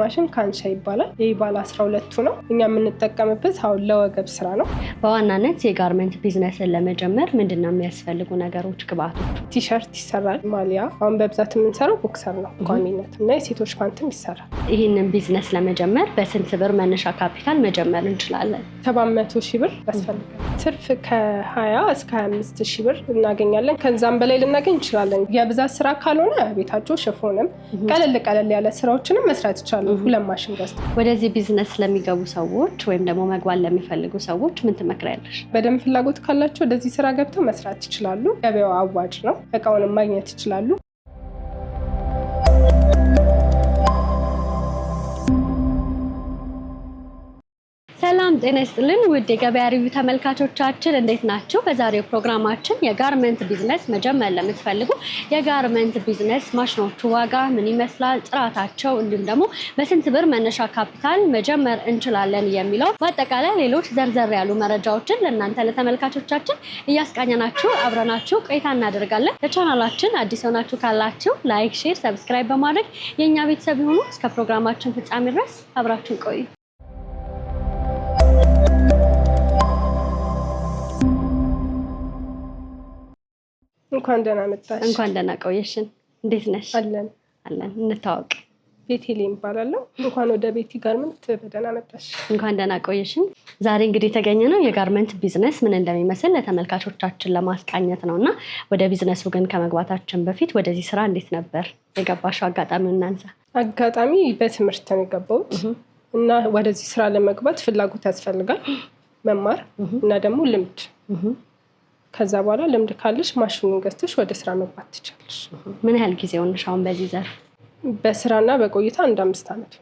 ማሽን ካንሻ ይባላል። ይህ ባለ 12ቱ ነው። እኛ የምንጠቀምበት አሁን ለወገብ ስራ ነው። በዋናነት የጋርመንት ቢዝነስን ለመጀመር ምንድነው የሚያስፈልጉ ነገሮች? ግብአቶች ቲሸርት ይሰራል፣ ማሊያ። አሁን በብዛት የምንሰራው ቦክሰር ነው ቋሚነት እና የሴቶች ፓንትም ይሰራል። ይህንን ቢዝነስ ለመጀመር በስንት ብር መነሻ ካፒታል መጀመር እንችላለን? ሰባት መቶ ሺህ ብር ያስፈልጋል። ትርፍ ከ20 እስከ 25 ሺህ ብር እናገኛለን። ከዛም በላይ ልናገኝ እንችላለን። የብዛት ስራ ካልሆነ ቤታቸው ሽፎንም ቀለል ቀለል ያለ ስራዎችንም መስራት ይቻላል። ሁለት ማሽን ገዝተው። ወደዚህ ቢዝነስ ለሚገቡ ሰዎች ወይም ደግሞ መግባል ለሚፈልጉ ሰዎች ምን ትመክሪያለሽ? በደንብ ፍላጎት ካላቸው ወደዚህ ስራ ገብተው መስራት ይችላሉ። ገበያው አዋጭ ነው። እቃውንም ማግኘት ይችላሉ። ጤና ይስጥልን ውድ የገበያ ሪቪው ተመልካቾቻችን እንዴት ናቸው? በዛሬው ፕሮግራማችን የጋርመንት ቢዝነስ መጀመር ለምትፈልጉ የጋርመንት ቢዝነስ ማሽኖቹ ዋጋ ምን ይመስላል፣ ጥራታቸው፣ እንዲሁም ደግሞ በስንት ብር መነሻ ካፒታል መጀመር እንችላለን የሚለው በአጠቃላይ ሌሎች ዘርዘር ያሉ መረጃዎችን ለእናንተ ለተመልካቾቻችን እያስቃኘናችሁ አብረናችሁ ቆይታ እናደርጋለን። ለቻናላችን አዲስ ሆናችሁ ካላችሁ ላይክ፣ ሼር፣ ሰብስክራይብ በማድረግ የእኛ ቤተሰብ የሆኑ እስከ ፕሮግራማችን ፍጻሜ ድረስ አብራችሁ ቆዩ። እንኳን ደህና መጣሽ። እንኳን ደህና ቆየሽን። እንዴት ነሽ? አለን አለን። እንታወቅ። ቤቴሌም ይባላለሁ። እንኳን ወደ ቤቲ ጋርመንት በደህና መጣሽ። እንኳን ደህና ቆየሽን። ዛሬ እንግዲህ የተገኘ ነው የጋርመንት ቢዝነስ ምን እንደሚመስል ለተመልካቾቻችን ለማስቃኘት ነው እና ወደ ቢዝነሱ ግን ከመግባታችን በፊት ወደዚህ ስራ እንዴት ነበር የገባሽው? አጋጣሚው እናንሳ። አጋጣሚ በትምህርት ነው የገባሁት እና ወደዚህ ስራ ለመግባት ፍላጎት ያስፈልጋል መማር እና ደግሞ ልምድ ከዛ በኋላ ልምድ ካለሽ ማሽኑን ገዝተሽ ወደ ስራ መግባት ትችላለሽ። ምን ያህል ጊዜ ሆነሽ አሁን በዚህ ዘርፍ? በስራና በቆይታ አንድ አምስት ዓመት።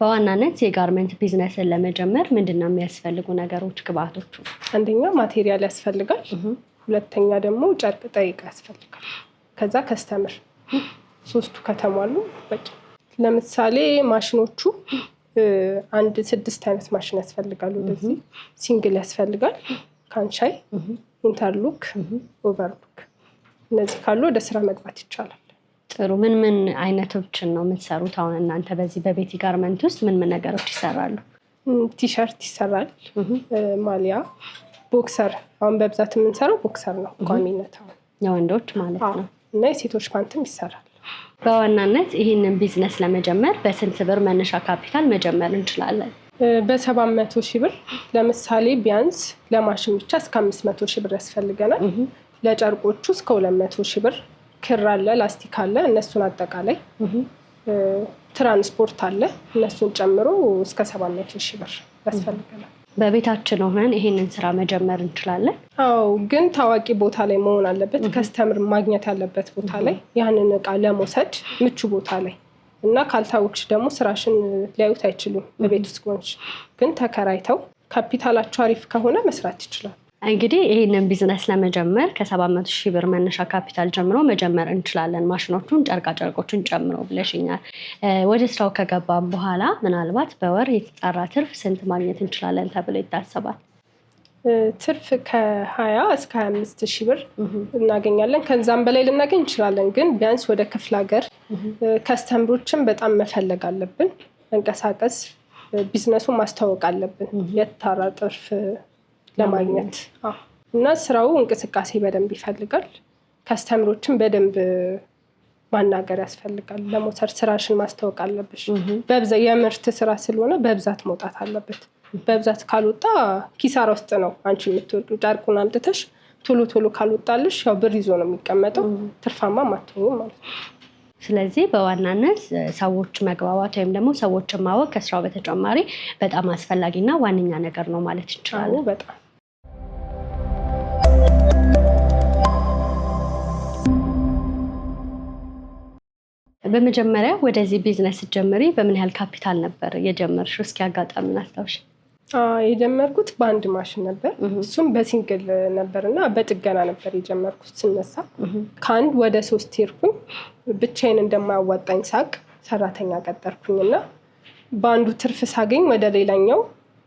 በዋናነት የጋርመንት ቢዝነስን ለመጀመር ምንድነው የሚያስፈልጉ ነገሮች ግብአቶቹ? አንደኛ ማቴሪያል ያስፈልጋል። ሁለተኛ ደግሞ ጨርቅ ጠይቃ ያስፈልጋል። ከዛ ከስተምር ሶስቱ ከተሟሉ በቂ። ለምሳሌ ማሽኖቹ አንድ ስድስት አይነት ማሽን ያስፈልጋል። ወደዚህ ሲንግል ያስፈልጋል፣ ካንሻይ ኢንተርሉክ፣ ኦቨርሉክ እነዚህ ካሉ ወደ ስራ መግባት ይቻላል። ጥሩ። ምን ምን አይነቶችን ነው የምትሰሩት? አሁን እናንተ በዚህ በቤቲ ጋርመንት ውስጥ ምን ምን ነገሮች ይሰራሉ? ቲሸርት ይሰራል፣ ማሊያ፣ ቦክሰር። አሁን በብዛት የምንሰራው ቦክሰር ነው ቋሚነት፣ አሁን የወንዶች ማለት ነው። እና የሴቶች ፓንትም ይሰራል። በዋናነት ይህንን ቢዝነስ ለመጀመር በስንት ብር መነሻ ካፒታል መጀመር እንችላለን? በሰባት መቶ ሺህ ብር ለምሳሌ ቢያንስ ለማሽን ብቻ እስከ አምስት መቶ ሺህ ብር ያስፈልገናል። ለጨርቆቹ እስከ ሁለት መቶ ሺህ ብር ክር አለ፣ ላስቲክ አለ፣ እነሱን አጠቃላይ ትራንስፖርት አለ፣ እነሱን ጨምሮ እስከ ሰባት መቶ ሺህ ብር ያስፈልገናል። በቤታችን ሆነን ይሄንን ስራ መጀመር እንችላለን። አዎ፣ ግን ታዋቂ ቦታ ላይ መሆን አለበት። ከስተምር ማግኘት ያለበት ቦታ ላይ ያንን እቃ ለመውሰድ ምቹ ቦታ ላይ እና ካልታወቅሽ ደግሞ ስራሽን ሊያዩት አይችሉም። በቤት ውስጥ ሆንሽ ግን ተከራይተው ካፒታላቸው አሪፍ ከሆነ መስራት ይችላል። እንግዲህ ይህንን ቢዝነስ ለመጀመር ከሰባት መቶ ሺህ ብር መነሻ ካፒታል ጀምሮ መጀመር እንችላለን፣ ማሽኖቹን፣ ጨርቃጨርቆቹን ጨምሮ ብለሽኛል። ወደ ስራው ከገባም በኋላ ምናልባት በወር የተጣራ ትርፍ ስንት ማግኘት እንችላለን ተብሎ ይታሰባል? ትርፍ ከ20 እስከ 25 ሺህ ብር እናገኛለን። ከዛም በላይ ልናገኝ እንችላለን። ግን ቢያንስ ወደ ክፍለ ሀገር ከስተምሮችን በጣም መፈለግ አለብን። መንቀሳቀስ፣ ቢዝነሱን ማስተዋወቅ አለብን። የታራ ጥርፍ ለማግኘት እና ስራው እንቅስቃሴ በደንብ ይፈልጋል። ከስተምሮችን በደንብ ማናገር ያስፈልጋል። ለሞተር ስራሽን ማስታወቅ አለብሽ። የምርት ስራ ስለሆነ በብዛት መውጣት አለበት። በብዛት ካልወጣ ኪሳራ ውስጥ ነው አንቺ የምትወዱ ጨርቁን አምጥተሽ ቶሎ ቶሎ ካልወጣልሽ ያው ብር ይዞ ነው የሚቀመጠው። ትርፋማ አትሆኝም ማለት ነው። ስለዚህ በዋናነት ሰዎች መግባባት ወይም ደግሞ ሰዎችን ማወቅ ከስራው በተጨማሪ በጣም አስፈላጊና ዋነኛ ነገር ነው ማለት እንችላለን። በጣም በመጀመሪያ ወደዚህ ቢዝነስ ጀምሪ በምን ያህል ካፒታል ነበር የጀመርሽ? እስኪ አጋጣሚውን አስታውሽ። የጀመርኩት በአንድ ማሽን ነበር። እሱም በሲንግል ነበር እና በጥገና ነበር የጀመርኩት። ስነሳ ከአንድ ወደ ሶስት ሄድኩኝ። ብቻዬን እንደማያዋጣኝ ሳቅ ሰራተኛ ቀጠርኩኝ እና በአንዱ ትርፍ ሳገኝ ወደ ሌላኛው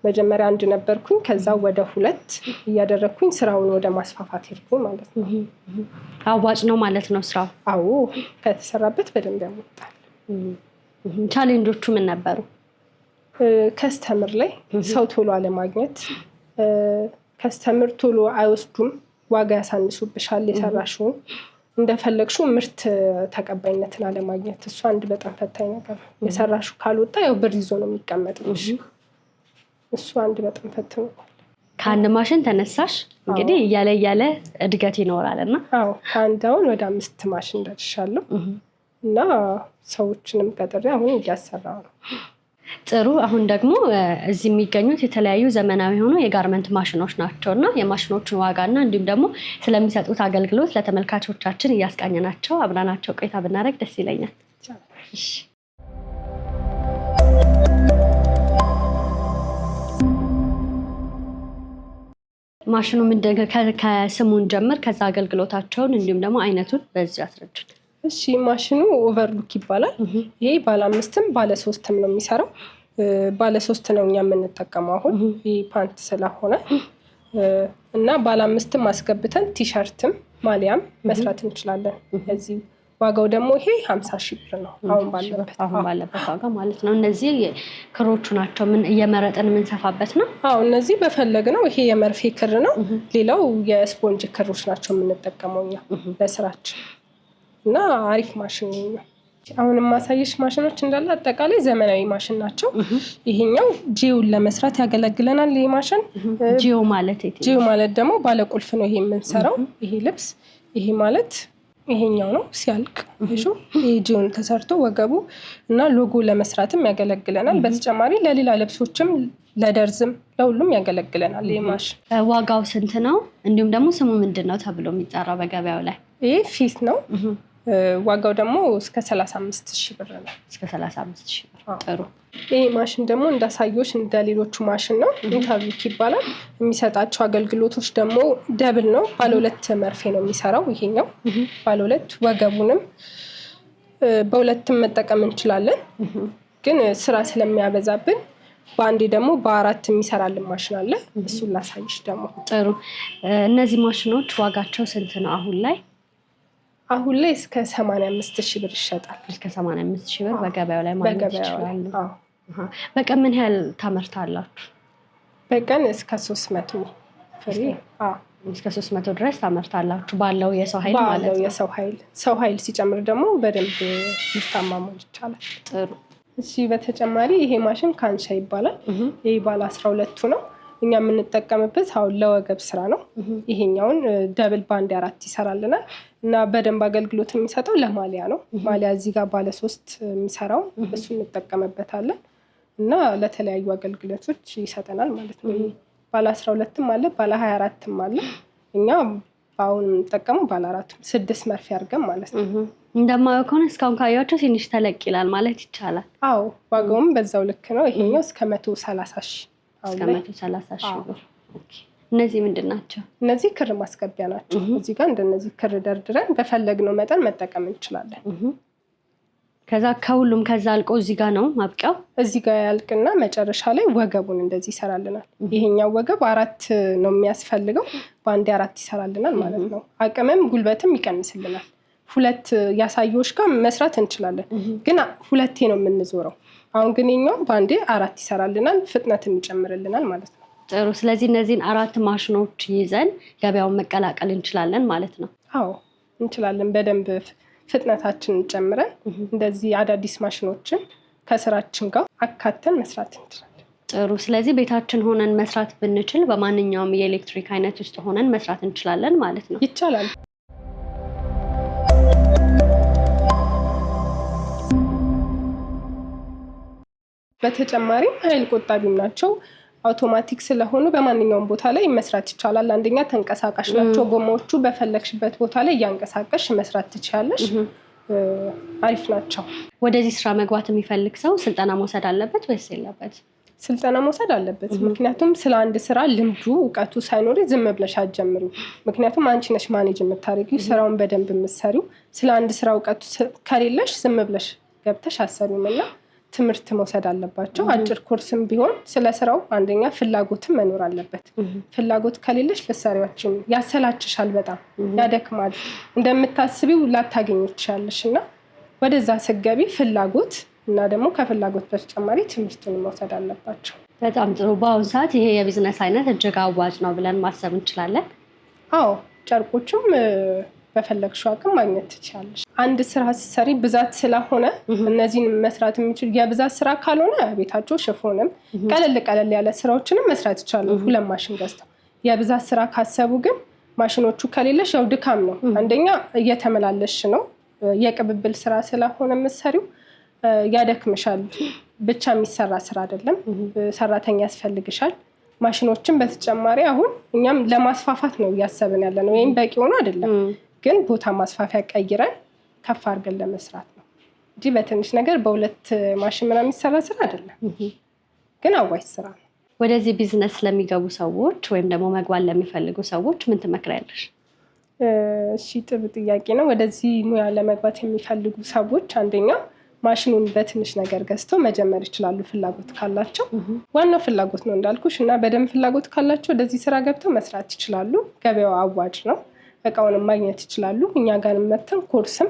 መጀመሪያ አንድ ነበርኩኝ፣ ከዛ ወደ ሁለት እያደረግኩኝ ስራውን ወደ ማስፋፋት ሄድኩ ማለት ነው። አዋጭ ነው ማለት ነው ስራው። አዎ ከተሰራበት በደንብ ያመጣል። ቻሌንጆቹ ምን ነበሩ? ከስተምር ላይ ሰው ቶሎ አለማግኘት፣ ከስተምር ቶሎ አይወስዱም፣ ዋጋ ያሳንሱብሻል የሰራሽውን እንደፈለግሽው ምርት ተቀባይነትን አለማግኘት እሱ አንድ በጣም ፈታኝ ነገር ነው። የሰራሽው ካልወጣ ያው ብር ይዞ ነው የሚቀመጥብሽ። እሱ አንድ በጣም ፈትኖ ከአንድ ማሽን ተነሳሽ እንግዲህ እያለ እያለ እድገት ይኖራል እና አዎ ከአንድ አሁን ወደ አምስት ማሽን ደርሻለሁ እና ሰዎችንም ቀጥሬ አሁን እያሰራ ነው። ጥሩ። አሁን ደግሞ እዚህ የሚገኙት የተለያዩ ዘመናዊ የሆኑ የጋርመንት ማሽኖች ናቸው እና የማሽኖቹን ዋጋና እንዲሁም ደግሞ ስለሚሰጡት አገልግሎት ለተመልካቾቻችን ናቸው አብራናቸው ቆይታ ብናደረግ ደስ ይለኛል። ማሽኑ ከስሙን ጀምር ከዛ አገልግሎታቸውን እንዲሁም ደግሞ አይነቱን በዚሁ አስረዱን። እሺ ማሽኑ ኦቨርሉክ ይባላል። ይሄ ባለ አምስትም ባለ ሶስትም ነው የሚሰራው። ባለ ሶስት ነው እኛ የምንጠቀመው አሁን ይህ ፓንት ስለሆነ እና ባለ አምስትም አስገብተን ቲሸርትም ማሊያም መስራት እንችላለን። እዚህ ዋጋው ደግሞ ይሄ ሀምሳ ሺህ ብር ነው አሁን ባለበት አሁን ባለበት ዋጋ ማለት ነው። እነዚህ ክሮቹ ናቸው ምን እየመረጠን የምንሰፋበት ነው። አዎ እነዚህ በፈለግ ነው። ይሄ የመርፌ ክር ነው። ሌላው የስፖንጅ ክሮች ናቸው የምንጠቀመው እኛ ለስራችን እና አሪፍ ማሽን ነው። አሁን የማሳየሽ ማሽኖች እንዳለ አጠቃላይ ዘመናዊ ማሽን ናቸው። ይሄኛው ጂውን ለመስራት ያገለግለናል። ይህ ማሽን ጂው ማለት ጂው ማለት ደግሞ ባለቁልፍ ነው። ይሄ የምንሰራው ይሄ ልብስ ይሄ ማለት ይሄኛው ነው ሲያልቅ ጂውን ተሰርቶ ወገቡ እና ሎጎ ለመስራትም ያገለግለናል። በተጨማሪ ለሌላ ልብሶችም ለደርዝም ለሁሉም ያገለግለናል። ይህ ማሽን ዋጋው ስንት ነው? እንዲሁም ደግሞ ስሙ ምንድን ነው ተብሎ የሚጠራው በገበያው ላይ ይህ ፊት ነው ዋጋው ደግሞ እስከ 35 ሺህ ብር ነው። እስከ 35 ሺህ ብር ጥሩ። ይህ ማሽን ደግሞ እንዳሳየች እንደ ሌሎቹ ማሽን ነው። ኢንተርቪክ ይባላል። የሚሰጣቸው አገልግሎቶች ደግሞ ደብል ነው። ባለሁለት መርፌ ነው የሚሰራው ይሄኛው ባለሁለት። ወገቡንም በሁለትም መጠቀም እንችላለን፣ ግን ስራ ስለሚያበዛብን በአንዴ ደግሞ በአራት የሚሰራልን ማሽን አለ። እሱን ላሳይሽ ደግሞ። ጥሩ። እነዚህ ማሽኖች ዋጋቸው ስንት ነው አሁን ላይ? አሁን ላይ እስከ 85 ሺህ ብር ይሸጣል። እስከ 85 ሺህ ብር በገበያው ላይ ማግኘት ይችላሉ። በቀን ምን ያህል ታመርታላችሁ? በቀን እስከ 300 ፍሬ እስከ መቶ ድረስ ታመርታላችሁ ባለው የሰው ኃይል ማለት ነው። የሰው ኃይል ሰው ኃይል ሲጨምር ደግሞ በደንብ ምርታማ መሆን ይቻላል። ጥሩ። እሺ፣ በተጨማሪ ይሄ ማሽን ካንሻ ይባላል። ይህ ባለ አስራ ሁለቱ ነው። እኛ የምንጠቀምበት አሁን ለወገብ ስራ ነው። ይሄኛውን ደብል ባንድ አራት ይሰራልናል እና በደንብ አገልግሎት የሚሰጠው ለማሊያ ነው። ማሊያ እዚህ ጋር ባለሶስት የሚሰራው እሱ እንጠቀምበታለን እና ለተለያዩ አገልግሎቶች ይሰጠናል ማለት ነው። ባለ አስራ ሁለትም አለ ባለ ሀያ አራትም አለ። እኛ በአሁን የምንጠቀመው ባለ አራቱ ስድስት መርፌ አድርገን ማለት ነው። እንደማየው ከሆነ እስካሁን ካያቸው ትንሽ ተለቅ ይላል ማለት ይቻላል። አዎ ዋጋውም በዛው ልክ ነው። ይሄኛው እስከ መቶ ሰላሳ ሺህ እስከ መቶ ሰላሳ ሺህ ብር። እነዚህ ምንድን ናቸው? እነዚህ ክር ማስገቢያ ናቸው። እዚህ ጋር እንደነዚህ ክር ደርድረን በፈለግነው መጠን መጠቀም እንችላለን። ከዛ ከሁሉም ከዛ አልቆ እዚህ ጋር ነው ማብቂያው። እዚህ ጋር ያልቅና መጨረሻ ላይ ወገቡን እንደዚህ ይሰራልናል። ይሄኛው ወገብ አራት ነው የሚያስፈልገው፣ በአንዴ አራት ይሰራልናል ማለት ነው። አቅምም ጉልበትም ይቀንስልናል። ሁለት ያሳየዎች ጋር መስራት እንችላለን። ግን ሁለቴ ነው የምንዞረው። አሁን ግን ኛው በአንዴ አራት ይሰራልናል፣ ፍጥነትን ይጨምርልናል ማለት ነው። ጥሩ። ስለዚህ እነዚህን አራት ማሽኖች ይዘን ገበያውን መቀላቀል እንችላለን ማለት ነው። አዎ እንችላለን። በደንብ ፍጥነታችንን ጨምረን እንደዚህ አዳዲስ ማሽኖችን ከስራችን ጋር አካተን መስራት እንችላለን። ጥሩ። ስለዚህ ቤታችን ሆነን መስራት ብንችል በማንኛውም የኤሌክትሪክ አይነት ውስጥ ሆነን መስራት እንችላለን ማለት ነው። ይቻላል። በተጨማሪም ኃይል ቆጣቢም ናቸው። አውቶማቲክ ስለሆኑ በማንኛውም ቦታ ላይ መስራት ይቻላል። አንደኛ ተንቀሳቃሽ ናቸው ጎማዎቹ፣ በፈለግሽበት ቦታ ላይ እያንቀሳቀሽ መስራት ትችላለሽ። አሪፍ ናቸው። ወደዚህ ስራ መግባት የሚፈልግ ሰው ስልጠና መውሰድ አለበት ወይስ የለበት? ስልጠና መውሰድ አለበት። ምክንያቱም ስለ አንድ ስራ ልምዱ እውቀቱ ሳይኖር ዝም ብለሽ አትጀምሪው። ምክንያቱም አንቺ ነሽ ማኔጅ የምታደርጊው ስራውን በደንብ የምትሰሪው። ስለ አንድ ስራ እውቀቱ ከሌለሽ ዝም ብለሽ ገብተሽ አሰሪውም እና ትምህርት መውሰድ አለባቸው። አጭር ኮርስም ቢሆን ስለ ስራው አንደኛ ፍላጎትም መኖር አለበት። ፍላጎት ከሌለሽ ልትሰሪያችን ያሰላችሻል፣ በጣም ያደክማል፣ እንደምታስቢው ላታገኝ ትችያለሽ። እና ወደዛ ስገቢ ፍላጎት እና ደግሞ ከፍላጎት በተጨማሪ ትምህርትን መውሰድ አለባቸው። በጣም ጥሩ። በአሁኑ ሰዓት ይሄ የቢዝነስ አይነት እጅግ አዋጭ ነው ብለን ማሰብ እንችላለን? አዎ ጨርቆቹም በፈለግሽው አቅም ማግኘት ትችላለሽ። አንድ ስራ ስትሰሪ ብዛት ስለሆነ እነዚህን መስራት የሚችሉ የብዛት ስራ ካልሆነ ቤታቸው ሽፎንም ቀለል ቀለል ያለ ስራዎችንም መስራት ይቻላል፣ ሁለት ማሽን ገዝተው። የብዛት ስራ ካሰቡ ግን ማሽኖቹ ከሌለሽ ያው ድካም ነው። አንደኛ እየተመላለሽ ነው፣ የቅብብል ስራ ስለሆነ የምትሰሪው ያደክምሻል። ብቻ የሚሰራ ስራ አይደለም፣ ሰራተኛ ያስፈልግሻል። ማሽኖችን በተጨማሪ አሁን እኛም ለማስፋፋት ነው እያሰብን ያለ ነው። ይህም በቂ ሆኖ አይደለም። ግን ቦታ ማስፋፊያ ቀይረን ከፍ አድርገን ለመስራት ነው እንጂ በትንሽ ነገር በሁለት ማሽን ምናምን የሚሰራ ስራ አይደለም፣ ግን አዋጭ ስራ ነው። ወደዚህ ቢዝነስ ለሚገቡ ሰዎች ወይም ደግሞ መግባት ለሚፈልጉ ሰዎች ምን ትመክሪያለሽ? እሺ ጥሩ ጥያቄ ነው። ወደዚህ ሙያ ለመግባት የሚፈልጉ ሰዎች አንደኛው ማሽኑን በትንሽ ነገር ገዝተው መጀመር ይችላሉ፣ ፍላጎት ካላቸው። ዋናው ፍላጎት ነው እንዳልኩሽ እና በደንብ ፍላጎት ካላቸው ወደዚህ ስራ ገብተው መስራት ይችላሉ። ገበያው አዋጭ ነው። እቃውንም ማግኘት ይችላሉ። እኛ ጋር መተን ኮርስም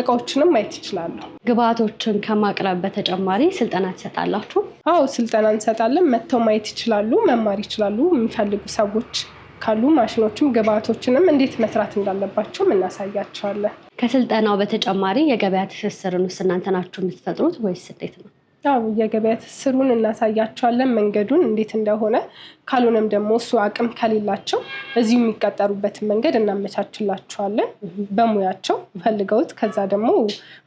እቃዎችንም ማየት ይችላሉ። ግብአቶችን ከማቅረብ በተጨማሪ ስልጠና ትሰጣላችሁ? አዎ ስልጠና እንሰጣለን። መጥተው ማየት ይችላሉ፣ መማር ይችላሉ። የሚፈልጉ ሰዎች ካሉ ማሽኖችም ግብአቶችንም እንዴት መስራት እንዳለባቸውም እናሳያቸዋለን። ከስልጠናው በተጨማሪ የገበያ ትስስርን ውስጥ እናንተ ናችሁ የምትፈጥሩት ወይስ እንዴት ነው? ያው የገበያ ትስሩን እናሳያቸዋለን መንገዱን እንዴት እንደሆነ። ካልሆነም ደግሞ እሱ አቅም ከሌላቸው እዚሁ የሚቀጠሩበትን መንገድ እናመቻችላቸዋለን በሙያቸው ፈልገውት፣ ከዛ ደግሞ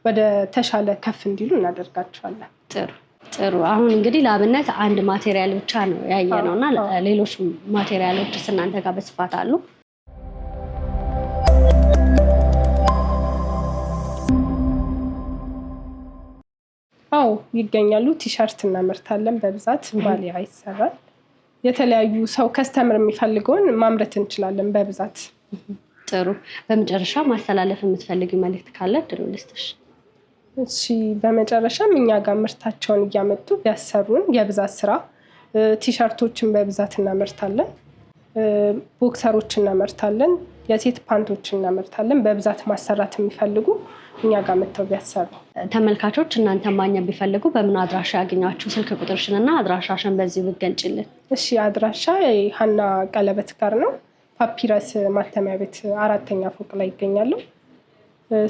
ወደ ተሻለ ከፍ እንዲሉ እናደርጋቸዋለን። ጥሩ ጥሩ። አሁን እንግዲህ ለአብነት አንድ ማቴሪያል ብቻ ነው ያየ ነው እና ሌሎች ማቴሪያሎች እናንተ ጋር በስፋት አሉ። አዎ ይገኛሉ። ቲሸርት እናመርታለን በብዛት ባሌ ይሰራል። የተለያዩ ሰው ከስተምር የሚፈልገውን ማምረት እንችላለን በብዛት። ጥሩ። በመጨረሻ ማስተላለፍ የምትፈልግ መልዕክት ካለ ድሮ ልስጥሽ። እሺ፣ በመጨረሻም እኛ ጋር ምርታቸውን እያመጡ ቢያሰሩን የብዛት ስራ ቲሸርቶችን በብዛት እናመርታለን። ቦክሰሮች እናመርታለን። የሴት ፓንቶች እናመርታለን። በብዛት ማሰራት የሚፈልጉ እኛ ጋር መጥተው ቢያሰሩ። ተመልካቾች እናንተ ማግኘት ቢፈልጉ በምን አድራሻ ያገኛችሁ? ስልክ እና አድራሻሽን በዚህ ብትገልጪልን። እሺ፣ አድራሻ ሀና ቀለበት ጋር ነው። ፓፒረስ ማተሚያ ቤት አራተኛ ፎቅ ላይ ይገኛሉ።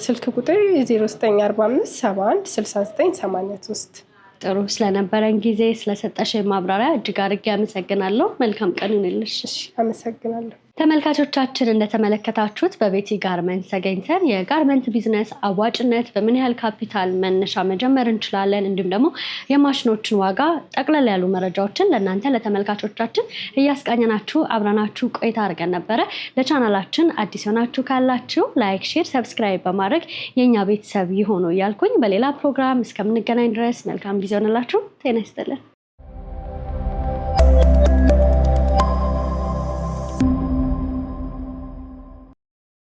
ስልክ ቁጥር 0945 71 69 83 ጥሩ ስለነበረን ጊዜ ስለሰጠሽ ማብራሪያ እጅግ አድርጌ አመሰግናለሁ። መልካም ቀን ይሁንልሽ። አመሰግናለሁ። ተመልካቾቻችን እንደተመለከታችሁት በቤቲ ጋርመንት ተገኝተን የጋርመንት ቢዝነስ አዋጭነት በምን ያህል ካፒታል መነሻ መጀመር እንችላለን፣ እንዲሁም ደግሞ የማሽኖችን ዋጋ ጠቅለል ያሉ መረጃዎችን ለእናንተ ለተመልካቾቻችን እያስቃኘናችሁ አብረናችሁ ቆይታ አድርገን ነበረ። ለቻናላችን አዲስ የሆናችሁ ካላችሁ ላይክ፣ ሼር፣ ሰብስክራይብ በማድረግ የእኛ ቤተሰብ ይሆኑ እያልኩኝ በሌላ ፕሮግራም እስከምንገናኝ ድረስ መልካም ጊዜ ሆንላችሁ። ጤና ይስጥልን።